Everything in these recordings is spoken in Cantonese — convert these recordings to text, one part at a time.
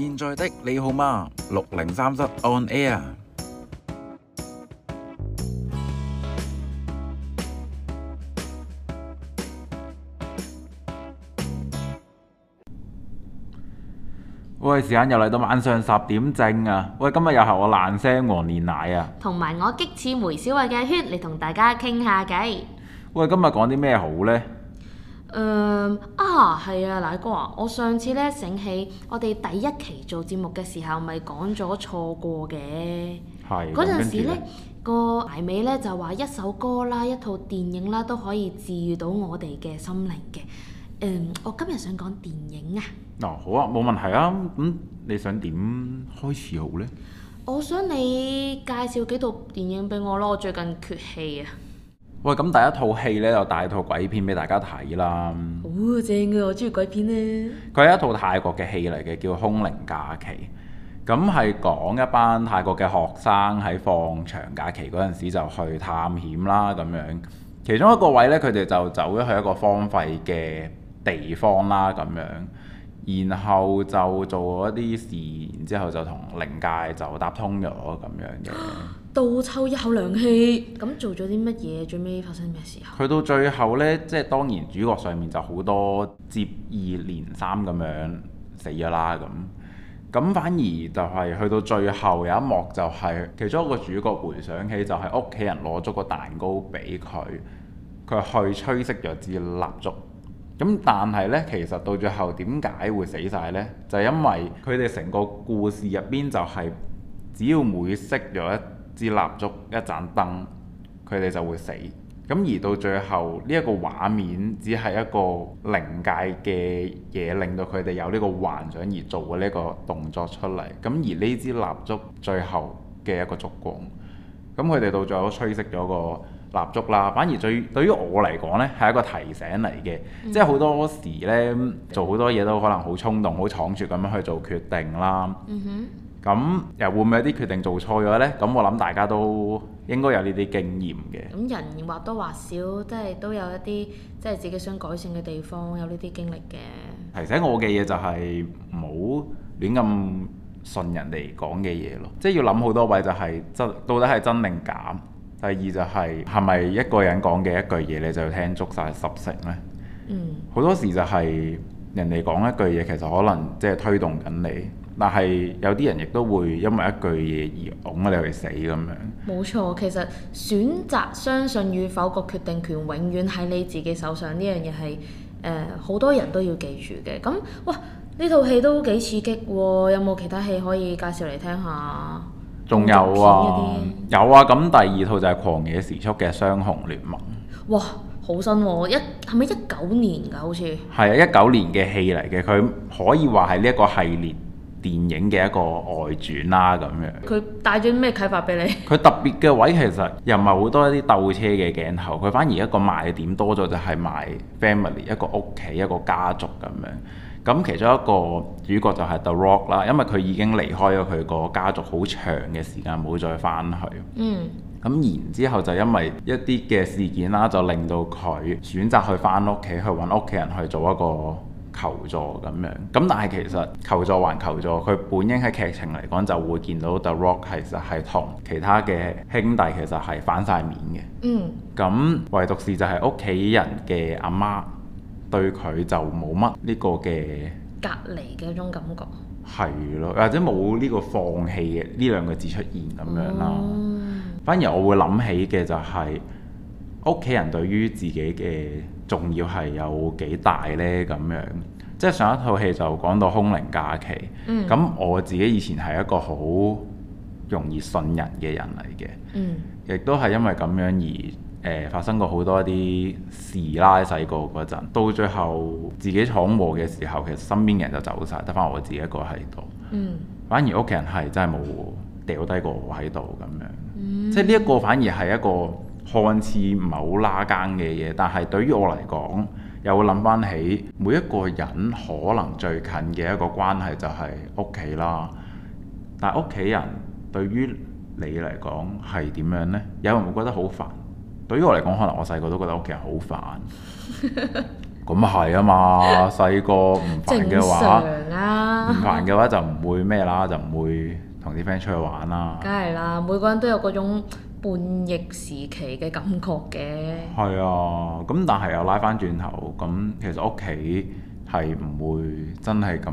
現在的你好嗎？六零三室 on air。喂，時間又嚟到晚上十點正啊！喂，今日又係我爛聲王練奶啊，同埋我激似梅小惠嘅圈嚟同大家傾下計。喂，今日講啲咩好呢？嗯啊，係啊，奶哥啊，我上次咧醒起，我哋第一期做節目嘅時候，咪講咗錯過嘅，係。嗰陣時咧，呢個艾尾咧就話一首歌啦，一套電影啦都可以治愈到我哋嘅心靈嘅。嗯，我今日想講電影啊。嗱、哦，好啊，冇問題啊。咁、嗯、你想點開始好呢？我想你介紹幾套電影俾我咯，我最近缺戲啊。喂，咁第一套戲呢，就帶套鬼片俾大家睇啦。哦，正嘅，啊，我中意鬼片呢，啊！佢係一套泰國嘅戲嚟嘅，叫《空靈假期》。咁係講一班泰國嘅學生喺放長假期嗰陣時就去探險啦，咁樣。其中一個位呢，佢哋就走咗去一個荒廢嘅地方啦，咁樣。然後就做一啲事，然之後就同靈界就搭通咗咁樣嘅。 倒抽一口涼氣，咁做咗啲乜嘢？最尾發生咩事？去到最後呢，即係當然主角上面就好多接二連三咁樣死咗啦咁。咁反而就係去到最後有一幕就係其中一個主角回想起就係屋企人攞咗個蛋糕俾佢，佢去吹熄咗支蠟燭。咁但係呢，其實到最後點解會死晒呢？就係因為佢哋成個故事入邊就係只要每熄咗一支蠟燭一盞燈，佢哋就會死。咁、嗯、而到最後呢一、這個畫面，只係一個靈界嘅嘢，令到佢哋有呢個幻想而做嘅呢個動作出嚟。咁、嗯、而呢支蠟燭最後嘅一個燭光，咁佢哋到最後都吹熄咗個蠟燭啦。反而最對於我嚟講呢係一個提醒嚟嘅，mm hmm. 即係好多時呢，做好多嘢都可能好衝動、好莽決咁樣去做決定啦。哼、mm。Hmm. 咁又會唔會有啲決定做錯咗呢？咁我諗大家都應該有呢啲經驗嘅。咁人或多或少即係都有一啲即係自己想改善嘅地方，有呢啲經歷嘅。提醒我嘅嘢就係唔好亂咁信人哋講嘅嘢咯，即係、嗯、要諗好多位就係、係、真到底係真定假。第二就係係咪一個人講嘅一句嘢你就聽足晒十成呢？好、嗯、多時就係人哋講一句嘢，其實可能即係推動緊你。但係有啲人亦都會因為一句嘢而㧬你去死咁樣。冇錯，其實選擇相信與否個決定權永遠喺你自己手上，呢樣嘢係誒好多人都要記住嘅。咁哇，呢套戲都幾刺激喎！有冇其他戲可以介紹嚟聽下？仲有啊，有啊！咁第二套就係《狂野時速》嘅《雙雄聯盟》。哇！好新喎，一係咪一九年㗎？好似係啊，一九年嘅戲嚟嘅，佢可以話係呢一個系列。電影嘅一個外傳啦，咁樣。佢帶咗啲咩啟發俾你？佢特別嘅位其實又唔係好多一啲鬥車嘅鏡頭，佢反而一個賣點多咗就係賣 family，一個屋企一個家族咁樣。咁其中一個主角就係 The Rock 啦，因為佢已經離開咗佢個家族好長嘅時間，冇再翻去。嗯。咁然之後就因為一啲嘅事件啦，就令到佢選擇去翻屋企，去揾屋企人去做一個。求助咁樣，咁但係其實求助還求助，佢本應喺劇情嚟講就會見到 The Rock 其實係同其他嘅兄弟其實係反晒面嘅。嗯。咁唯獨是就係屋企人嘅阿媽對佢就冇乜呢個嘅隔離嘅一種感覺。係咯，或者冇呢個放棄嘅呢兩個字出現咁樣啦。嗯。反而我會諗起嘅就係屋企人對於自己嘅。仲要係有幾大呢？咁樣，即係上一套戲就講到空靈假期。嗯，咁我自己以前係一個好容易信人嘅人嚟嘅。嗯，亦都係因為咁樣而誒、呃、發生過好多啲事啦，細個嗰陣，到最後自己闖禍嘅時候，其實身邊人就走晒。得返我自己一個喺度。嗯、反而屋企人係真係冇掉低過我喺度咁樣。嗯、即係呢一個反而係一個。看似唔係好拉更嘅嘢，但係對於我嚟講，又會諗翻起每一個人可能最近嘅一個關係就係屋企啦。但係屋企人對於你嚟講係點樣呢？有人會覺得好煩。對於我嚟講，可能我細個都覺得屋企人好煩。咁係啊嘛，細個唔煩嘅話，唔煩嘅話就唔會咩啦，就唔會同啲 friend 出去玩啦。梗係啦，每個人都有嗰種。叛逆時期嘅感覺嘅，係啊，咁但係又拉翻轉頭，咁其實屋企係唔會真係咁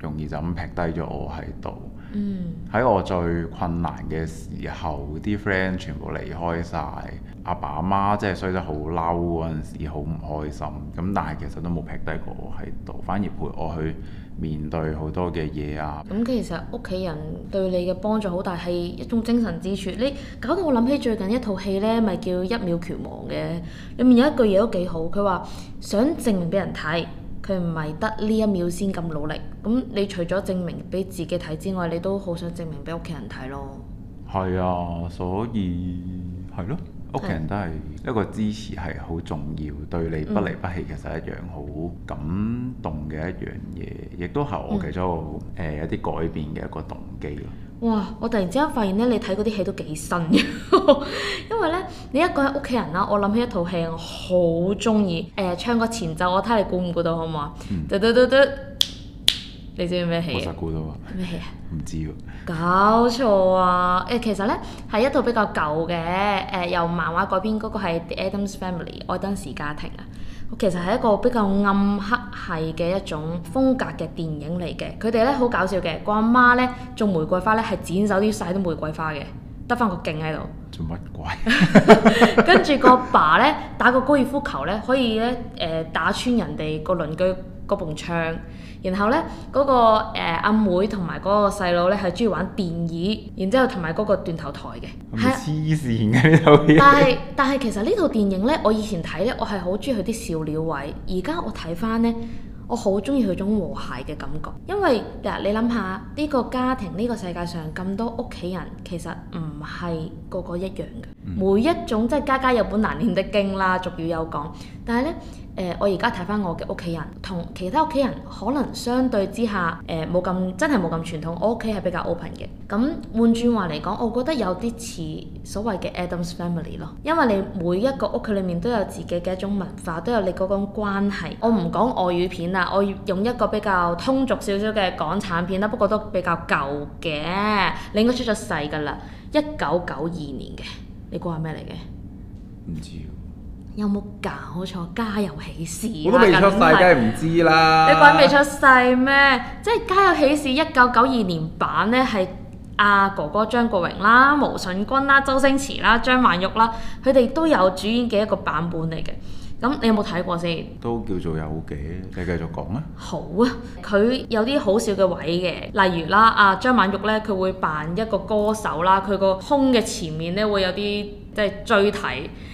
容易就咁劈低咗我喺度。嗯，喺我最困難嘅時候，啲 friend 全部離開晒，阿爸阿媽即係衰得好嬲嗰陣時，好唔開心。咁但係其實都冇劈低過我喺度，反而陪我去。面對好多嘅嘢啊！咁其實屋企人對你嘅幫助好大，係一種精神支柱。你搞到我諗起最近一套戲呢，咪叫《一秒拳王》嘅，裡面有一句嘢都幾好，佢話想證明俾人睇，佢唔係得呢一秒先咁努力。咁你除咗證明俾自己睇之外，你都好想證明俾屋企人睇咯。係啊，所以係咯。屋企人都係一個支持，係好重要，對你不離不棄，其實一樣好、嗯、感動嘅一樣嘢，亦都係我其中一個誒有啲改變嘅一個動機。哇！我突然之間發現咧，你睇嗰啲戲都幾新嘅， 因為咧你一講起屋企人啦，我諗起一套戲，我好中意誒，唱個前奏，我睇你估唔估到好唔好啊？嗯，多多多多你知咩戲啊？估到啊？咩戲啊？唔知喎。搞錯啊！誒，其實咧係一套比較舊嘅，誒、呃、由漫畫改編，嗰、那個係 The Adams Family《愛登士家庭》啊。其實係一個比較暗黑系嘅一種風格嘅電影嚟嘅。佢哋咧好搞笑嘅，個阿媽咧種玫瑰花咧係剪手啲晒啲玫瑰花嘅，得翻個莖喺度。做乜鬼？ 跟住個爸咧打個高爾夫球咧可以咧誒、呃、打穿人哋個鄰居。嗰棚槍，然後呢，嗰、那個、呃、阿妹同埋嗰個細佬呢，係中意玩電椅，然之後同埋嗰個斷頭台嘅，黐線嘅呢套片。但係但係其實呢套電影呢，我以前睇呢，我係好中意佢啲笑料位。而家我睇翻呢，我好中意佢種和諧嘅感覺，因為嗱、呃、你諗下呢、呢個家庭呢、呢個世界上咁多屋企人，其實唔係個個一樣嘅，嗯、每一種即係家家有本難念的經啦，俗語有講，但係咧。誒、呃，我而家睇翻我嘅屋企人，同其他屋企人可能相對之下，誒冇咁真係冇咁傳統。我屋企係比較 open 嘅。咁換轉話嚟講，我覺得有啲似所謂嘅 Adams family 咯。因為你每一個屋企裏面都有自己嘅一種文化，都有你嗰種關係。我唔講外語片啦，我用一個比較通俗少少嘅港產片啦，不過都比較舊嘅。你應該出咗世㗎啦，一九九二年嘅。你估係咩嚟嘅？唔知。有冇搞錯？《家有喜事》我都未出世，梗係唔知啦。你鬼未出世咩？即係《家有喜事》一九九二年版呢，係阿、啊、哥哥張國榮啦、毛舜筠啦、周星馳啦、啊、張曼玉啦，佢、啊、哋都有主演嘅一個版本嚟嘅。咁你有冇睇過先？都叫做有嘅，你繼續講啊！好啊，佢有啲好笑嘅位嘅，例如啦、啊，阿、啊、張曼玉呢，佢會扮一個歌手啦，佢個胸嘅前面呢會有啲即係椎體。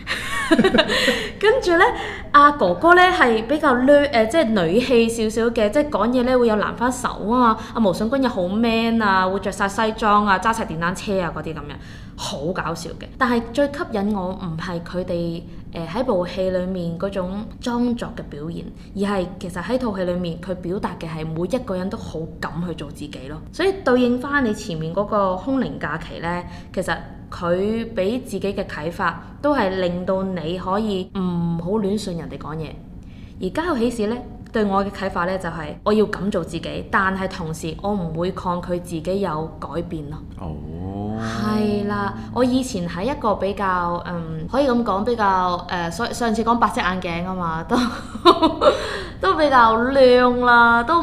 跟住呢，阿哥哥呢係比較女誒，即係女氣少少嘅，即係講嘢呢會有蘭花手啊。阿毛舜筠又好 man 啊，會着晒西裝啊，揸晒電單車啊，嗰啲咁樣，好搞笑嘅。但係最吸引我唔係佢哋喺部戲裏面嗰種裝作嘅表現，而係其實喺套戲裏面佢表達嘅係每一個人都好敢去做自己咯。所以對應翻你前面嗰個空靈假期呢，其實。佢俾自己嘅啟發，都係令到你可以唔好亂信人哋講嘢。而家有喜事呢，對我嘅啟發呢就係、是、我要咁做自己，但係同時我唔會抗拒自己有改變咯。哦，係啦，我以前係一個比較嗯，可以咁講比較誒、呃，所以上次講白色眼鏡啊嘛，都 都比較靚啦，都誒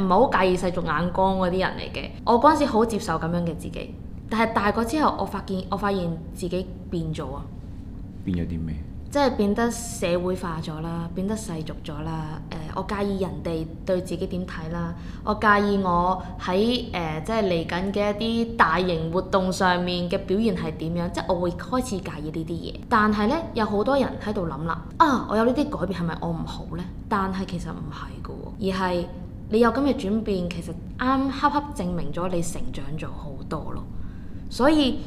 唔係好介意世俗眼光嗰啲人嚟嘅。我嗰陣時好接受咁樣嘅自己。但係大個之後，我發現我發現自己變咗啊！變咗啲咩？即係變得社會化咗啦，變得世俗咗啦。誒、呃，我介意人哋對自己點睇啦。我介意我喺誒、呃、即係嚟緊嘅一啲大型活動上面嘅表現係點樣。即係我會開始介意呢啲嘢。但係呢，有好多人喺度諗啦。「啊，我有呢啲改變係咪我唔好呢？」但係其實唔係㗎喎，而係你有今日轉變，其實啱恰恰證明咗你成長咗好多咯。所以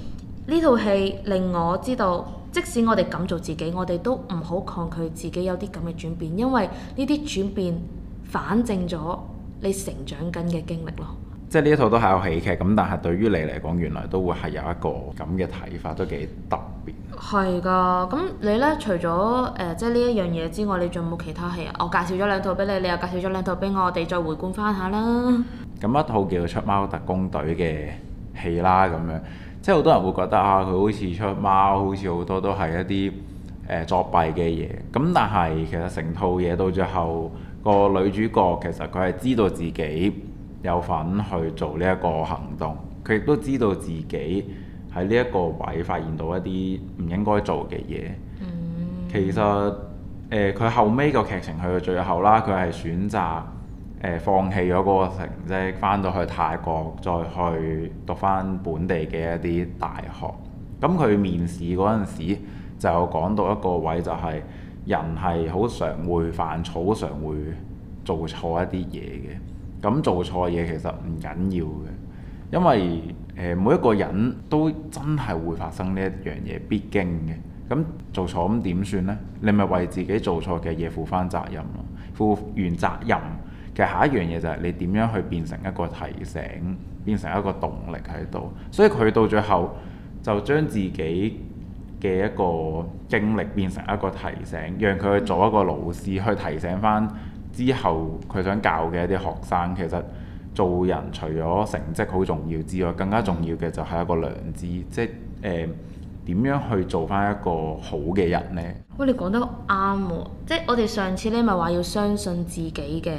呢套戲令我知道，即使我哋咁做自己，我哋都唔好抗拒自己有啲咁嘅轉變，因為呢啲轉變反證咗你成長緊嘅經歷咯。即係呢一套都係有喜劇，咁但係對於你嚟講，原來都會係有一個咁嘅睇法，都幾特別。係噶，咁你呢？除咗誒、呃、即係呢一樣嘢之外，你仲有冇其他戲啊？我介紹咗兩套俾你，你又介紹咗兩套俾我哋，我哋再回顧翻下啦。咁一套叫《出貓特工隊》嘅。戲啦咁樣，即係好多人會覺得啊，佢好似出貓，好似好多都係一啲、呃、作弊嘅嘢。咁、嗯、但係其實成套嘢到最後個女主角其實佢係知道自己有份去做呢一個行動，佢亦都知道自己喺呢一個位發現到一啲唔應該做嘅嘢。嗯、其實佢、呃、後尾個劇情去到最後啦，佢係選擇。誒放棄咗嗰個成績，翻到去泰國，再去讀翻本地嘅一啲大學。咁佢面試嗰陣時就講到一個位、就係，就係人係好常會犯錯，常會做錯一啲嘢嘅。咁做錯嘢其實唔緊要嘅，因為誒每一個人都真係會發生呢一樣嘢必經嘅。咁做錯咁點算呢？你咪為自己做錯嘅嘢負翻責任咯，負完責任。嘅下一樣嘢就係你點樣去變成一個提醒，變成一個動力喺度，所以佢到最後就將自己嘅一個經歷變成一個提醒，讓佢去做一個老師去提醒翻之後佢想教嘅一啲學生。其實做人除咗成績好重要之外，更加重要嘅就係一個良知，即係誒。嗯點樣去做返一個好嘅人呢？餵，你講得啱喎、啊，即係我哋上次呢咪話要相信自己嘅。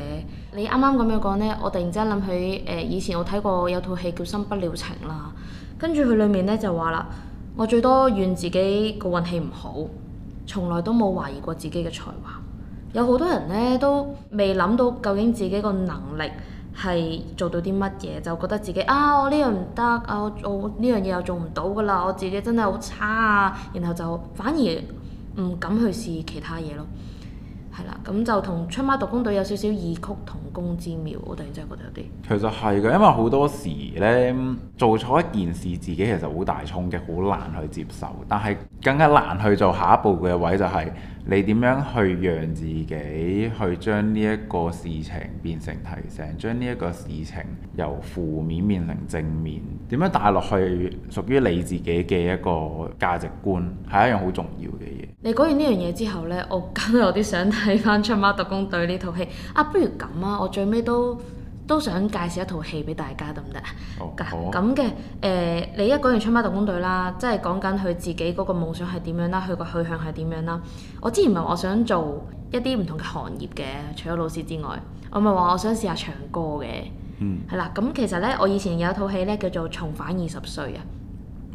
你啱啱咁樣講呢，我突然之間諗起誒、呃，以前我睇過有套戲叫《新不了情》啦，跟住佢裡面咧就話啦，我最多怨自己個運氣唔好，從來都冇懷疑過自己嘅才華。有好多人呢都未諗到究竟自己個能力。係做到啲乜嘢就覺得自己，啊我呢樣唔得啊，我做我呢樣嘢又做唔到㗎啦，我自己真係好差啊，然後就反而唔敢去試其他嘢咯。係啦，咁就同《出貓獨工隊》有少少異曲同工之妙，我突然真係覺得有啲。其實係嘅，因為好多時呢，做錯一件事，自己其實好大衝擊，好難去接受。但係更加難去做下一步嘅位就係、是、你點樣去讓自己去將呢一個事情變成提醒，將呢一個事情由負面變成正面，點樣帶落去屬於你自己嘅一個價值觀，係一樣好重要嘅嘢。你講完呢樣嘢之後呢，我梗有啲想。睇翻《出貓特工隊》呢套戲啊，不如咁啊，我最尾都都想介紹一套戲俾大家，得唔得啊？好、oh, oh，咁嘅誒，你一講完《出貓特工隊》啦，即係講緊佢自己嗰個夢想係點樣啦，佢個去向係點樣啦？我之前唔係話我想做一啲唔同嘅行業嘅，除咗老師之外，我咪話我想試下唱歌嘅，係啦、mm。咁其實呢，我以前有一套戲呢，叫做《重返二十歲》啊。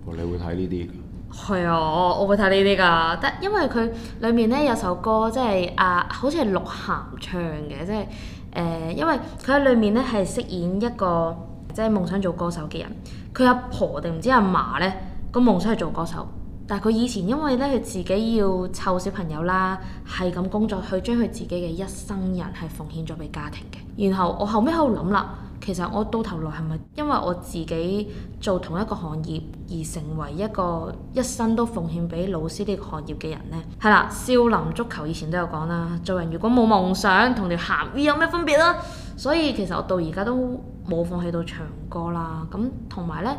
哦，你會睇呢啲？係啊，我我會睇呢啲㗎，得，因為佢裏面咧有首歌，即係啊，好似係鹿晗唱嘅，即係誒、呃，因為佢喺裏面咧係飾演一個即係夢想做歌手嘅人，佢阿婆定唔知阿嫲咧個夢想係做歌手，但係佢以前因為咧佢自己要湊小朋友啦，係咁工作，去將佢自己嘅一生人係奉獻咗俾家庭嘅，然後我後尾喺度諗啦。其實我到頭來係咪因為我自己做同一個行業而成為一個一生都奉獻俾老師呢個行業嘅人呢？係啦，少林足球以前都有講啦，做人如果冇夢想，同條鹹魚有咩分別啦，啊？所以其實我到而家都冇放棄到唱歌啦，咁同埋呢。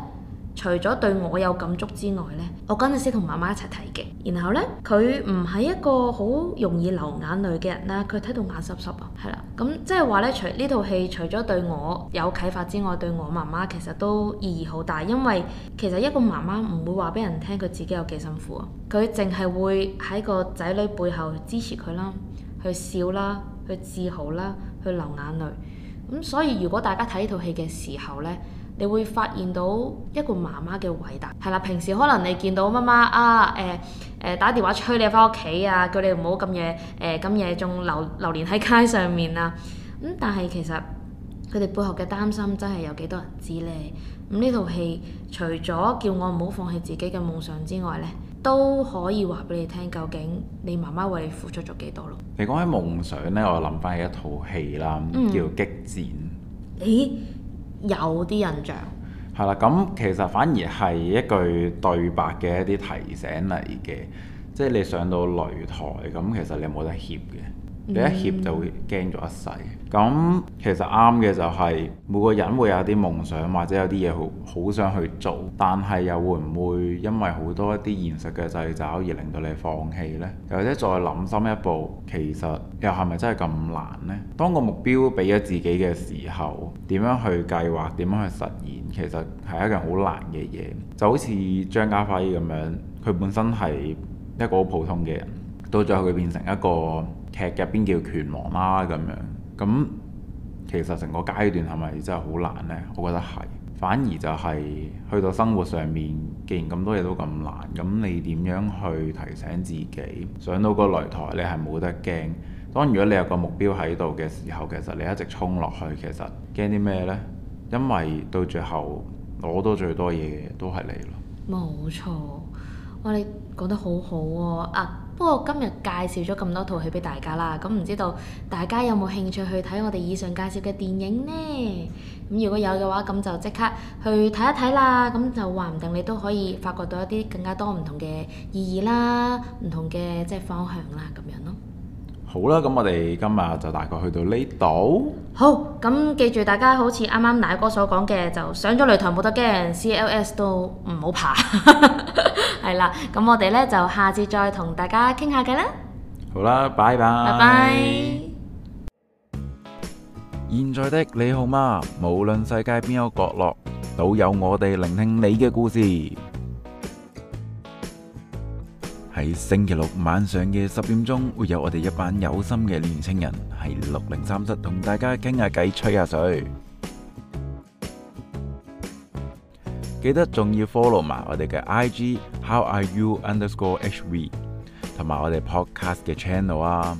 除咗對我有感觸之外呢，我嗰陣時同媽媽一齊睇嘅，然後呢，佢唔係一個好容易流眼淚嘅人啦，佢睇到眼濕濕啊，係啦，咁即係話呢，除呢套戲除咗對我有啟發之外，對我媽媽其實都意義好大，因為其實一個媽媽唔會話俾人聽佢自己有幾辛苦啊，佢淨係會喺個仔女背後支持佢啦，去笑啦，去自豪啦，去流眼淚，咁所以如果大家睇呢套戲嘅時候呢。你會發現到一個媽媽嘅偉大，係啦。平時可能你見到媽媽啊，誒、呃、誒、呃、打電話催你翻屋企啊，叫你唔好咁夜誒咁夜仲流流連喺街上面啊。咁、嗯、但係其實佢哋背後嘅擔心真係有幾多人知呢？咁呢套戲除咗叫我唔好放棄自己嘅夢想之外咧，都可以話俾你聽，究竟你媽媽為你付出咗幾多咯？你講起夢想呢，我諗翻起一套戲啦，嗯、叫《激戰》。誒。有啲印象。係啦、嗯，咁、嗯嗯、其實反而係一句對白嘅一啲提醒嚟嘅，即、就、係、是、你上到擂台咁、嗯，其實你冇得怯嘅。你一怯就會驚咗一世。咁、嗯、其實啱嘅就係、是、每個人會有啲夢想，或者有啲嘢好好想去做，但係又會唔會因為好多一啲現實嘅掣肘而令到你放棄呢？又或者再諗深一步，其實又係咪真係咁難呢？當個目標俾咗自己嘅時候，點樣去計劃，點樣去實現，其實係一件好難嘅嘢。就好似張家輝咁樣，佢本身係一個好普通嘅人，到最後佢變成一個。劇入邊叫拳王啦、啊、咁樣，咁其實成個階段係咪真係好難呢？我覺得係，反而就係、是、去到生活上面，既然咁多嘢都咁難，咁你點樣去提醒自己？上到個擂台你係冇得驚。當如果你有個目標喺度嘅時候，其實你一直衝落去，其實驚啲咩呢？因為到最後攞到最多嘢都係你咯。冇錯，哇！你講得好好、啊、喎，啊～不過今日介紹咗咁多套戲俾大家啦，咁唔知道大家有冇興趣去睇我哋以上介紹嘅電影呢？咁如果有嘅話，咁就即刻去睇一睇啦。咁就話唔定你都可以發覺到一啲更加多唔同嘅意義啦，唔同嘅即係方向啦。咁樣咯。好啦，咁我哋今日就大概去到呢度。好，咁記住大家好似啱啱奶哥所講嘅，就上咗擂台冇得驚，CLS 都唔好爬。係 啦，咁我哋呢就下次再同大家傾下偈啦。好啦，拜拜。拜拜 bye。現在的你好嗎？無論世界邊個角落，都有我哋聆聽你嘅故事。喺星期六晚上嘅十點鐘，會有我哋一班有心嘅年青人喺六零三室同大家傾下偈、吹下水。記得仲要 follow 埋我哋嘅 IG How Are You Underscore HV，同埋我哋 Podcast 嘅 channel 啊！